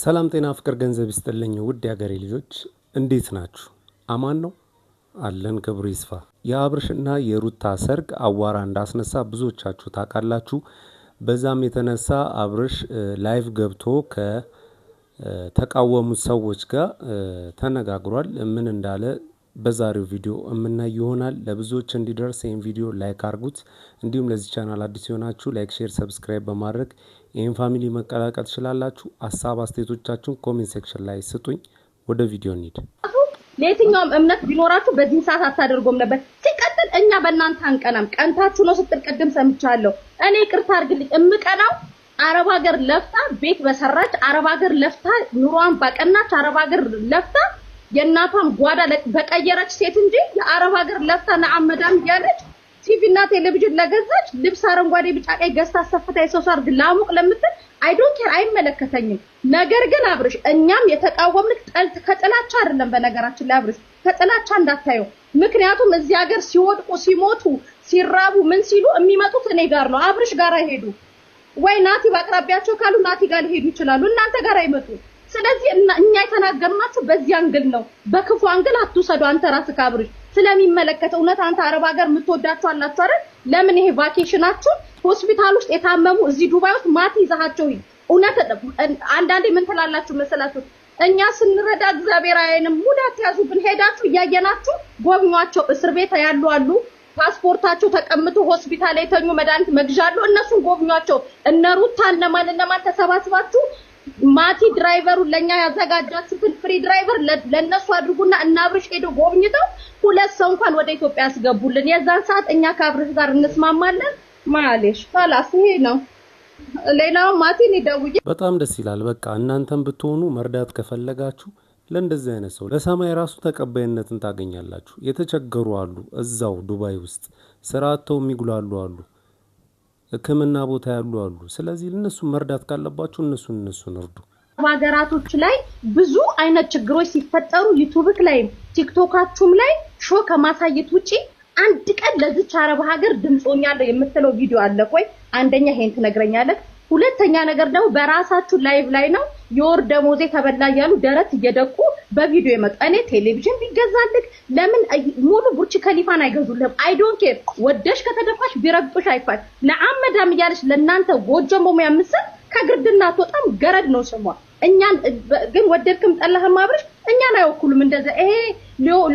ሰላም ጤና ፍቅር ገንዘብ ይስጥልኝ ውድ የአገሬ ልጆች እንዴት ናችሁ? አማን ነው አለን። ክብሩ ይስፋ። የአብርሽና የሩታ ሰርግ አዋራ እንዳስነሳ ብዙዎቻችሁ ታውቃላችሁ። በዛም የተነሳ አብርሽ ላይቭ ገብቶ ከተቃወሙት ሰዎች ጋር ተነጋግሯል። ምን እንዳለ በዛሬው ቪዲዮ የምናይ ይሆናል። ለብዙዎች እንዲደርስ ይህን ቪዲዮ ላይክ አርጉት። እንዲሁም ለዚህ ቻናል አዲስ የሆናችሁ ላይክ፣ ሼር፣ ሰብስክራይብ በማድረግ ይህን ፋሚሊ መቀላቀል ትችላላችሁ። ሀሳብ አስተያየቶቻችሁን ኮሜንት ሴክሽን ላይ ስጡኝ። ወደ ቪዲዮ እንሂድ። ለየትኛውም እምነት ቢኖራችሁ በዚህ ሰዓት አታደርጎም ነበር። ሲቀጥል እኛ በእናንተ አንቀናም። ቀንታችሁ ነው ስትል ቅድም ሰምቻለሁ። እኔ ቅርታ አርግልኝ እምቀናው አረብ ሀገር ለፍታ ቤት በሰራች አረብ ሀገር ለፍታ ኑሯን ባቀናች አረብ ሀገር ለፍታ የእናቷን ጓዳ በቀየረች ሴት እንጂ የአረብ ሀገር ለፍታ ነአመዳም እያለች ቲቪ እና ቴሌቪዥን ለገዛች ልብስ አረንጓዴ፣ ቢጫ፣ ቀይ ገዝታ አሰፍታ የሰው ሳርግ ላሙቅ ለምትል አይ ዶንት ኬር አይመለከተኝም። ነገር ግን አብርሽ እኛም የተቃወምንክ ጠልት ከጥላቻ አይደለም። በነገራችን ላይ አብርሽ ከጥላቻ እንዳታየው። ምክንያቱም እዚህ ሀገር ሲወድቁ ሲሞቱ ሲራቡ ምን ሲሉ የሚመጡት እኔ ጋር ነው። አብርሽ ጋር አይሄዱ ወይ ናቲ በአቅራቢያቸው ካሉ ናቲ ጋር ሊሄዱ ይችላሉ። እናንተ ጋር አይመጡ ስለዚህ እኛ የተናገርናቸው በዚህ አንግል ነው። በክፉ አንግል አትውሰዱ። አንተ ራስ ካብርሽ ስለሚመለከተው እውነት አንተ አረብ ሀገር የምትወዳችሁ አላችሁ አይደል? ለምን ይሄ ቫኬሽናችሁን ሆስፒታል ውስጥ የታመሙ እዚህ ዱባይ ውስጥ ማት ይዛሃቸው እውነት አንዳንዴ ምን ትላላችሁ መሰላችሁ? እኛ ስንረዳ እግዚአብሔር አይንም ሙድ አትያዙብን። ሄዳችሁ እያየናችሁ ጎብኟቸው። እስር ቤት ያሉ አሉ፣ ፓስፖርታቸው ተቀምቶ ሆስፒታል የተኙ መድኃኒት መግዣ አሉ። እነሱን ጎብኟቸው። እነ ሩታ እነማን እነማን ተሰባስባችሁ ማቲ ድራይቨሩ ለኛ ያዘጋጃችሁትን ፍሪ ድራይቨር ለነሱ አድርጉና እና አብርሽ ሄዶ ጎብኝተው ሁለት ሰው እንኳን ወደ ኢትዮጵያ ያስገቡልን። የዛን ሰዓት እኛ ከአብርሽ ጋር እንስማማለን። ማሌሽ ኋላስ ይሄ ነው። ሌላው ማቲ እኔ በጣም ደስ ይላል። በቃ እናንተም ብትሆኑ መርዳት ከፈለጋችሁ ለእንደዚህ አይነት ሰው ለሰማይ ራሱ ተቀባይነትን ታገኛላችሁ። የተቸገሩ አሉ፣ እዛው ዱባይ ውስጥ ስራ አጥተው የሚጉላሉ አሉ። ህክምና ቦታ ያሉ አሉ። ስለዚህ እነሱን መርዳት ካለባችሁ እነሱ እነሱን እርዱ። ሀገራቶች ላይ ብዙ አይነት ችግሮች ሲፈጠሩ ዩቱብክ ላይ ቲክቶካችሁም ላይ ሾ ከማሳየት ውጪ አንድ ቀን ለዚች አረብ ሀገር ድምፆኛለሁ የምትለው ቪዲዮ አለ? ቆይ አንደኛ ይሄን ትነግረኛለህ። ሁለተኛ ነገር ደግሞ በራሳችሁ ላይቭ ላይ ነው የወር ደሞዜ ተበላ እያሉ ደረት እየደቁ በቪዲዮ የመጣ እኔ ቴሌቪዥን ቢገዛልክ ለምን ሙሉ ቡርች ከሊፋን አይገዙልህም? አይ ዶንት ኬር ወደሽ ከተደፋሽ ቢረግጡሽ አይፋል ለአመዳም እያለች ለእናንተ ጎጆ መሙያ ምስል ከግርድና አትወጣም። ገረድ ነው ስሟ። እኛን ግን ወደድክም ጠላህም አብረሽ እኛን አይወኩሉም። እንደዛ ይሄ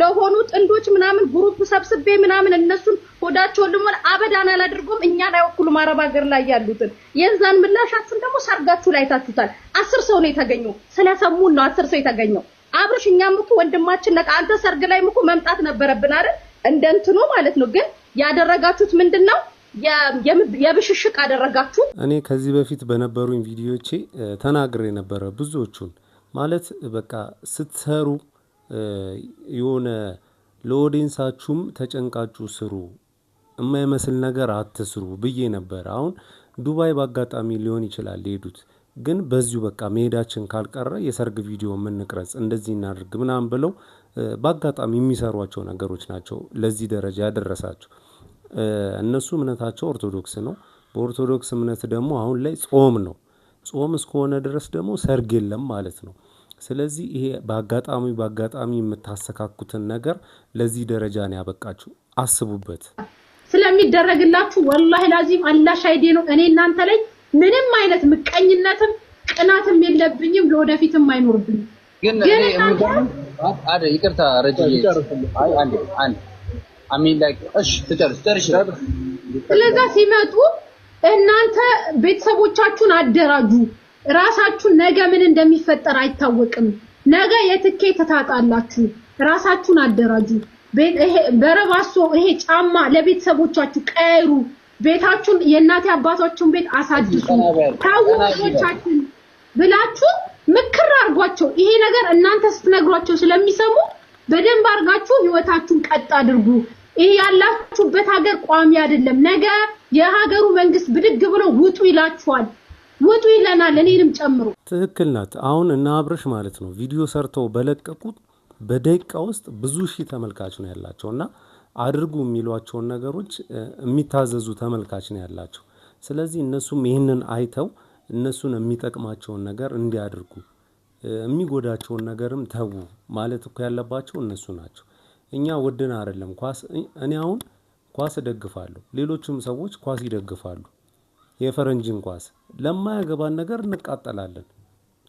ለሆኑ ጥንዶች ምናምን ግሩፕ ሰብስቤ ምናምን እነሱን ሆዳቸውን ልሞን አበዳን አላደርጎም። እኛን አይወኩሉም። አረብ ሀገር ላይ ያሉትን የዛን ምላሻችን ደግሞ ሰርጋችሁ ላይ ታችሁታል። አስር ሰው ነው የተገኘው። ስለሰሙን ነው አስር ሰው የተገኘው። አብርሽ እኛም እኮ ወንድማችን ነቃ። አንተ ሰርግ ላይ እኮ መምጣት ነበረብን አይደል? እንደ እንትኑ ማለት ነው። ግን ያደረጋችሁት ምንድን ነው? የብሽሽቅ አደረጋችሁ። እኔ ከዚህ በፊት በነበሩኝ ቪዲዮቼ ተናግሬ ነበረ ብዙዎቹን ማለት በቃ ስትሰሩ የሆነ ለኦዲንሳችሁም ተጨንቃችሁ ስሩ፣ የማይመስል ነገር አትስሩ ብዬ ነበር። አሁን ዱባይ በአጋጣሚ ሊሆን ይችላል ሄዱት ግን በዚሁ በቃ መሄዳችን ካልቀረ የሰርግ ቪዲዮ የምንቅረጽ እንደዚህ እናድርግ ምናምን ብለው በአጋጣሚ የሚሰሯቸው ነገሮች ናቸው ለዚህ ደረጃ ያደረሳቸው። እነሱ እምነታቸው ኦርቶዶክስ ነው። በኦርቶዶክስ እምነት ደግሞ አሁን ላይ ጾም ነው። ጾም እስከሆነ ድረስ ደግሞ ሰርግ የለም ማለት ነው። ስለዚህ ይሄ በአጋጣሚ በአጋጣሚ የምታሰካኩትን ነገር ለዚህ ደረጃ ነው ያበቃችሁ። አስቡበት። ስለሚደረግላችሁ ወላሂ ላዚም አላሽ አይዴ ነው እኔ እናንተ ላይ ምንም አይነት ምቀኝነትም ቅናትም የለብኝም፣ ለወደፊትም አይኖርብኝም። ግን ይቅርታ ረጂ አይ ስለዛ ሲመጡ እናንተ ቤተሰቦቻችሁን አደራጁ። ራሳችሁን ነገ ምን እንደሚፈጠር አይታወቅም። ነገ የትኬ ትታጣላችሁ። ራሳችሁን አደራጁ። በረባሶ ይሄ ጫማ ለቤተሰቦቻችሁ ቀይሩ። ቤታችሁን የእናቴ አባቶችን ቤት አሳድሱ ታውቆቻችን ብላችሁ ምክር አድርጓቸው። ይሄ ነገር እናንተ ስትነግሯቸው ስለሚሰሙ በደንብ አድርጋችሁ ህይወታችሁን ቀጥ አድርጉ። ይሄ ያላችሁበት ሀገር ቋሚ አይደለም። ነገ የሀገሩ መንግስት ብድግ ብሎ ውጡ ይላችኋል፣ ውጡ ይለናል፣ እኔንም ጨምሮ። ትክክል ናት። አሁን እና አብርሽ ማለት ነው ቪዲዮ ሰርተው በለቀቁት በደቂቃ ውስጥ ብዙ ሺህ ተመልካች ነው ያላቸው እና አድርጉ የሚሏቸውን ነገሮች የሚታዘዙ ተመልካች ነው ያላቸው። ስለዚህ እነሱም ይህንን አይተው እነሱን የሚጠቅማቸውን ነገር እንዲያደርጉ የሚጎዳቸውን ነገርም ተዉ ማለት እኮ ያለባቸው እነሱ ናቸው። እኛ ወድን አይደለም ኳስ። እኔ አሁን ኳስ እደግፋለሁ፣ ሌሎችም ሰዎች ኳስ ይደግፋሉ። የፈረንጅን ኳስ ለማያገባን ነገር እንቃጠላለን።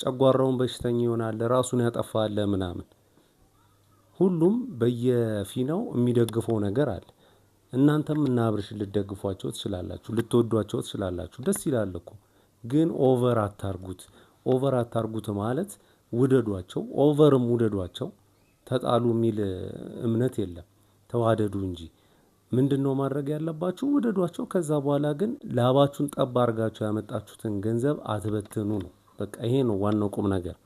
ጨጓራውን በሽተኛ ይሆናል፣ ራሱን ያጠፋል ምናምን ሁሉም በየፊናው የሚደግፈው ነገር አለ። እናንተም እና አብርሽን ልደግፏቸው ትችላላችሁ፣ ልትወዷቸው ትችላላችሁ። ደስ ይላል እኮ ግን ኦቨር አታርጉት። ኦቨር አታርጉት ማለት ውደዷቸው፣ ኦቨርም ውደዷቸው። ተጣሉ የሚል እምነት የለም። ተዋደዱ እንጂ ምንድን ነው ማድረግ ያለባችሁ? ውደዷቸው። ከዛ በኋላ ግን ላባችሁን ጠብ አድርጋችሁ ያመጣችሁትን ገንዘብ አትበትኑ ነው። በቃ ይሄ ነው ዋናው ቁም ነገር።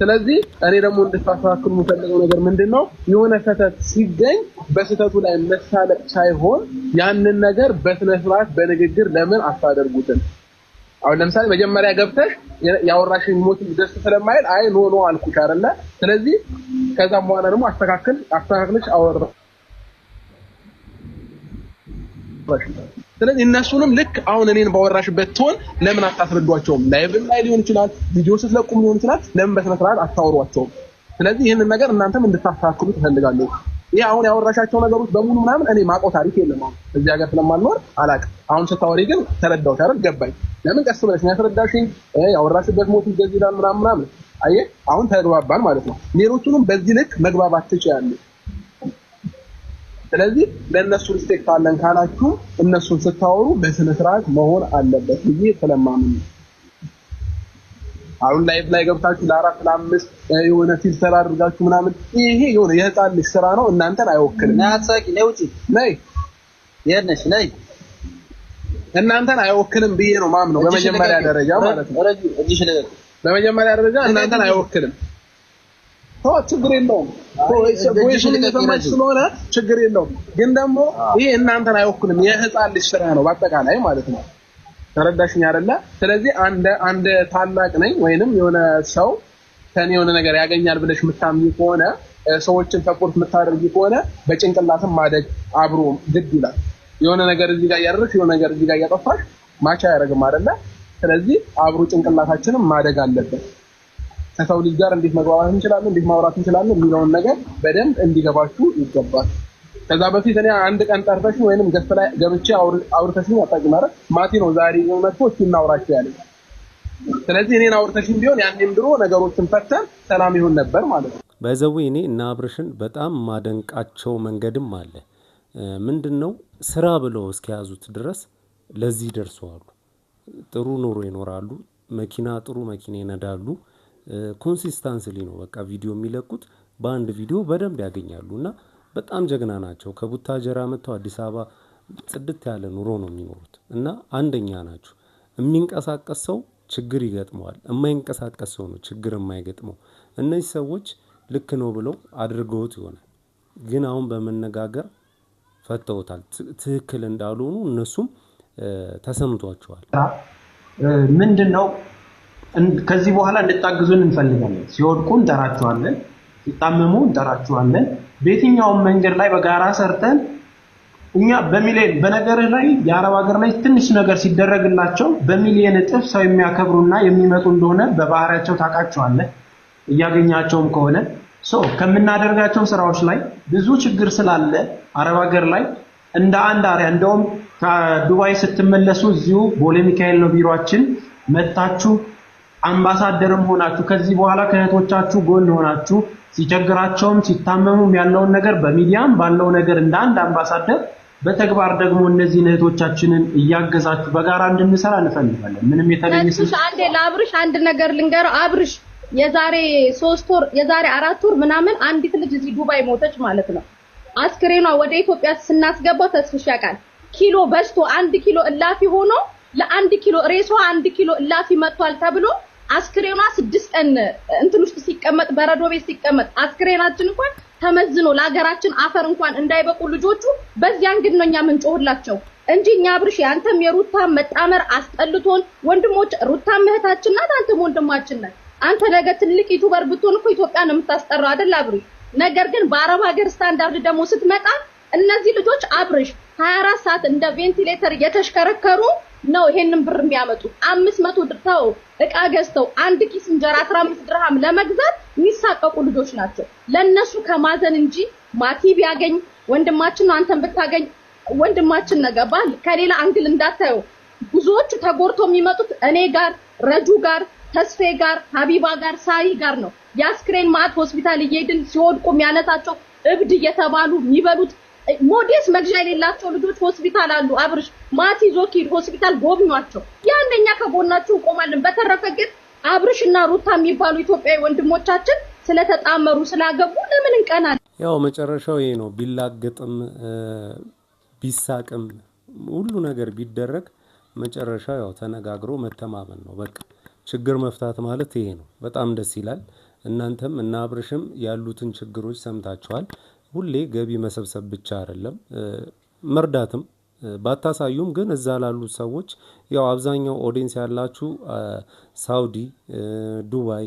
ስለዚህ እኔ ደግሞ እንድታስተካክሉ የምፈልገው ነገር ምንድን ነው፣ የሆነ ስህተት ሲገኝ በስህተቱ ላይ መሳለቅ ሳይሆን ያንን ነገር በስነስርዓት በንግግር ለምን አታደርጉትም? አሁን ለምሳሌ መጀመሪያ ገብተህ ያወራሽን ሞት ደስ ስለማይል አይ ኖ ኖ አልኩሽ አይደለ? ስለዚህ ከዛም በኋላ ደግሞ አስተካክል አስተካክልሽ አወራሽ ስለዚህ እነሱንም ልክ አሁን እኔን ባወራሽበት ትሆን ለምን አታስረዷቸውም? ላይቭም ላይ ሊሆን ይችላል፣ ቪዲዮ ስትለቁም ሊሆን ይችላል። ለምን በስነስርዓት አታወሯቸውም? ስለዚህ ይህንን ነገር እናንተም እንድታስተካክሉ ትፈልጋለሁ። ይህ አሁን ያወራሻቸው ነገሮች በሙሉ ምናምን እኔ ማቆ ታሪክ የለም። አሁን እዚህ ሀገር ስለማልኖር አላውቅም። አሁን ስታወሪ ግን ተረዳው አይደል? ገባኝ። ለምን ቀስ ብለሽ ያስረዳሽኝ ያወራሽበት ሞት ይገዝ ይላል ምናምን ምናምን። አየህ አሁን ተግባባን ማለት ነው። ሌሎቹንም በዚህ ልክ መግባባት ትችያለሽ። ስለዚህ ለእነሱ ሪስፔክት አለን ካላችሁ እነሱን ስታወሩ በስነስርዓት መሆን አለበት ብዬ ስለማምን ነው። አሁን ላይፍ ላይ ገብታችሁ ለአራት ለአምስት የሆነ ፊልተር አድርጋችሁ ምናምን ይሄ የሆነ የህፃን ልጅ ስራ ነው፣ እናንተን አይወክልም። ናያሳቂ ነይ ውጪ ነይ የነሽ ነይ እናንተን አይወክልም ብዬ ነው ማምነው። በመጀመሪያ ደረጃ ማለት ነው። በመጀመሪያ ደረጃ እናንተን አይወክልም። ችግር የለውም። የተሰማች ስለሆነ ችግር የለውም። ግን ደግሞ ይህ እናንተን አይወክልም። የህፃን ልጅ ስራ ነው በአጠቃላይ ማለት ነው። ተረዳሽኝ አይደለ? ስለዚህ አንድ ታላቅ ነኝ ወይንም የሆነ ሰው ከኔ የሆነ ነገር ያገኛል ብለሽ የምታምኝ ከሆነ ሰዎችን ሰፖርት የምታደርጊ ከሆነ በጭንቅላትም ማደግ አብሮ ግድ ይላል። የሆነ ነገር እዚህ ጋር እያደረግሽ የሆነ ነገር እዚህ ጋር እያጠፋሽ ማቻ አያደርግም አይደለ? ስለዚህ አብሮ ጭንቅላታችንም ማደግ አለበት። ከሰው ልጅ ጋር እንዴት መግባባት እንችላለን፣ እንዴት ማውራት እንችላለን የሚለውን ነገር በደንብ እንዲገባችሁ ይገባል። ከዛ በፊት እኔ አንድ ቀን ጠርተሽ ወይንም ገስ ላይ ገብቼ አውርተሽኝ አታውቂም። ኧረ ማቲ ነው ዛሬ መጥቶ እስኪ እናውራቸው ያለ። ስለዚህ እኔን አውርተሽኝ ቢሆን ያኔም ድሮ ነገሮችን ፈተን ሰላም ይሆን ነበር ማለት ነው። በዘዊ እኔ እና አብርሽን በጣም ማደንቃቸው መንገድም አለ። ምንድን ነው ስራ ብለው እስከያዙት ድረስ ለዚህ ደርሰዋሉ። ጥሩ ኑሮ ይኖራሉ። መኪና ጥሩ መኪና ይነዳሉ። ኮንሲስታንስሊ ነው በቃ ቪዲዮ የሚለቁት። በአንድ ቪዲዮ በደንብ ያገኛሉ እና በጣም ጀግና ናቸው። ከቡታ ጀራ መጥተው አዲስ አበባ ጽድት ያለ ኑሮ ነው የሚኖሩት እና አንደኛ ናቸው። የሚንቀሳቀስ ሰው ችግር ይገጥመዋል፣ የማይንቀሳቀስ ሰው ነው ችግር የማይገጥመው። እነዚህ ሰዎች ልክ ነው ብለው አድርገውት ይሆናል፣ ግን አሁን በመነጋገር ፈተውታል። ትክክል እንዳልሆኑ እነሱም ተሰምቷቸዋል። ምንድን ነው ከዚህ በኋላ እንድታግዙን እንፈልጋለን። ሲወድቁ እንጠራችኋለን፣ ሲጣመሙ እንጠራችኋለን። በየትኛውም መንገድ ላይ በጋራ ሰርተን እኛ በሚሊዮን በነገር ላይ የአረብ ሀገር ላይ ትንሽ ነገር ሲደረግላቸው በሚሊዮን እጥፍ ሰው የሚያከብሩና የሚመጡ እንደሆነ በባህሪያቸው ታውቃቸዋለህ። እያገኛቸውም ከሆነ ከምናደርጋቸው ስራዎች ላይ ብዙ ችግር ስላለ አረብ ሀገር ላይ እንደ አንድ አሪያ እንደውም ከዱባይ ስትመለሱ እዚሁ ቦሌ ሚካኤል ነው ቢሮአችን መታችሁ አምባሳደርም ሆናችሁ ከዚህ በኋላ ከእህቶቻችሁ ጎን ሆናችሁ ሲቸግራቸውም ሲታመሙም ያለውን ነገር በሚዲያም ባለው ነገር እንደ አንድ አምባሳደር በተግባር ደግሞ እነዚህ እህቶቻችንን እያገዛችሁ በጋራ እንድንሰራ እንፈልጋለን። ምንም የተለየ ስለ አንዴ ለአብርሽ አንድ ነገር ልንገረው። አብርሽ የዛሬ ሶስት ወር የዛሬ አራት ወር ምናምን አንዲት ልጅ እዚህ ዱባይ ሞተች ማለት ነው። አስክሬኗ ወደ ኢትዮጵያ ስናስገባው ተስፍሽ ያውቃል። ኪሎ በዝቶ አንድ ኪሎ እላፊ ሆኖ ለአንድ ኪሎ ሬሷ አንድ ኪሎ እላፊ መጥቷል ተብሎ አስክሬኗ ስድስት ቀን እንትን ውስጥ ሲቀመጥ በረዶ ቤት ሲቀመጥ አስክሬናችን እንኳን ተመዝኖ ለሀገራችን አፈር እንኳን እንዳይበቁ ልጆቹ በዚያን ግን ነው እኛ ምንጮህላቸው እንጂ እኛ ብርሽ የአንተም የሩታ መጣመር አስጠልቶን፣ ወንድሞች ሩታም እህታችን ናት፣ አንተም ወንድማችን ነን አንተ ነገ ትልቅ ዩቱበር ብትሆን እኮ ኢትዮጵያን የምታስጠራው አደል አብርሽ? ነገር ግን በአረብ ሀገር ስታንዳርድ ደግሞ ስትመጣ እነዚህ ልጆች አብርሽ 24 ሰዓት እንደ ቬንቲሌተር እየተሽከረከሩ ነው ይሄንን ብር የሚያመጡ አምስት መቶ ድርታው እቃ ገዝተው አንድ ኪስ እንጀራ 15 ድርሃም ለመግዛት የሚሳቀቁ ልጆች ናቸው። ለነሱ ከማዘን እንጂ ማቲ ቢያገኝ ወንድማችን አንተን ብታገኝ ወንድማችን ነገባ ከሌላ አንግል እንዳታየው። ብዙዎቹ ተጎርቶ የሚመጡት እኔ ጋር፣ ረጁ ጋር፣ ተስፌ ጋር፣ ሀቢባ ጋር፣ ሳይ ጋር ነው። የአስክሬን ማት ሆስፒታል እየሄድን ሲወድቁ የሚያነሳቸው እብድ እየተባሉ የሚበሉት ሞዴስ መግዣ የሌላቸው ልጆች ሆስፒታል አሉ። አብርሽ ማቲ ዞኪድ ሆስፒታል ጎብኟቸው። ያንደኛ ከጎናችሁ እቆማለን። በተረፈ ግን አብርሽ እና ሩታ የሚባሉ ኢትዮጵያዊ ወንድሞቻችን ስለተጣመሩ ስላገቡ ለምን እንቀናል? ያው መጨረሻው ይሄ ነው። ቢላገጥም ቢሳቅም ሁሉ ነገር ቢደረግ መጨረሻው ያው ተነጋግሮ መተማመን ነው። በቃ ችግር መፍታት ማለት ይሄ ነው። በጣም ደስ ይላል። እናንተም እና አብርሽም ያሉትን ችግሮች ሰምታችኋል። ሁሌ ገቢ መሰብሰብ ብቻ አይደለም መርዳትም ባታሳዩም ግን እዛ ላሉት ሰዎች ያው አብዛኛው ኦዲንስ ያላችሁ ሳውዲ፣ ዱባይ፣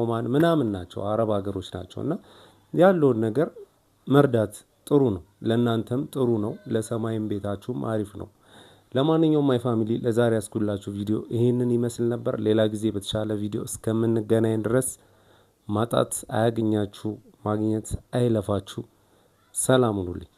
ኦማን ምናምን ናቸው አረብ ሀገሮች ናቸው እና ያለውን ነገር መርዳት ጥሩ ነው። ለእናንተም ጥሩ ነው። ለሰማይም ቤታችሁም አሪፍ ነው። ለማንኛውም ማይ ፋሚሊ ለዛሬ ያስኩላችሁ ቪዲዮ ይህንን ይመስል ነበር። ሌላ ጊዜ በተሻለ ቪዲዮ እስከምንገናኝ ድረስ ማጣት አያገኛችሁ፣ ማግኘት አይለፋችሁ። ሰላም ሁኑልኝ።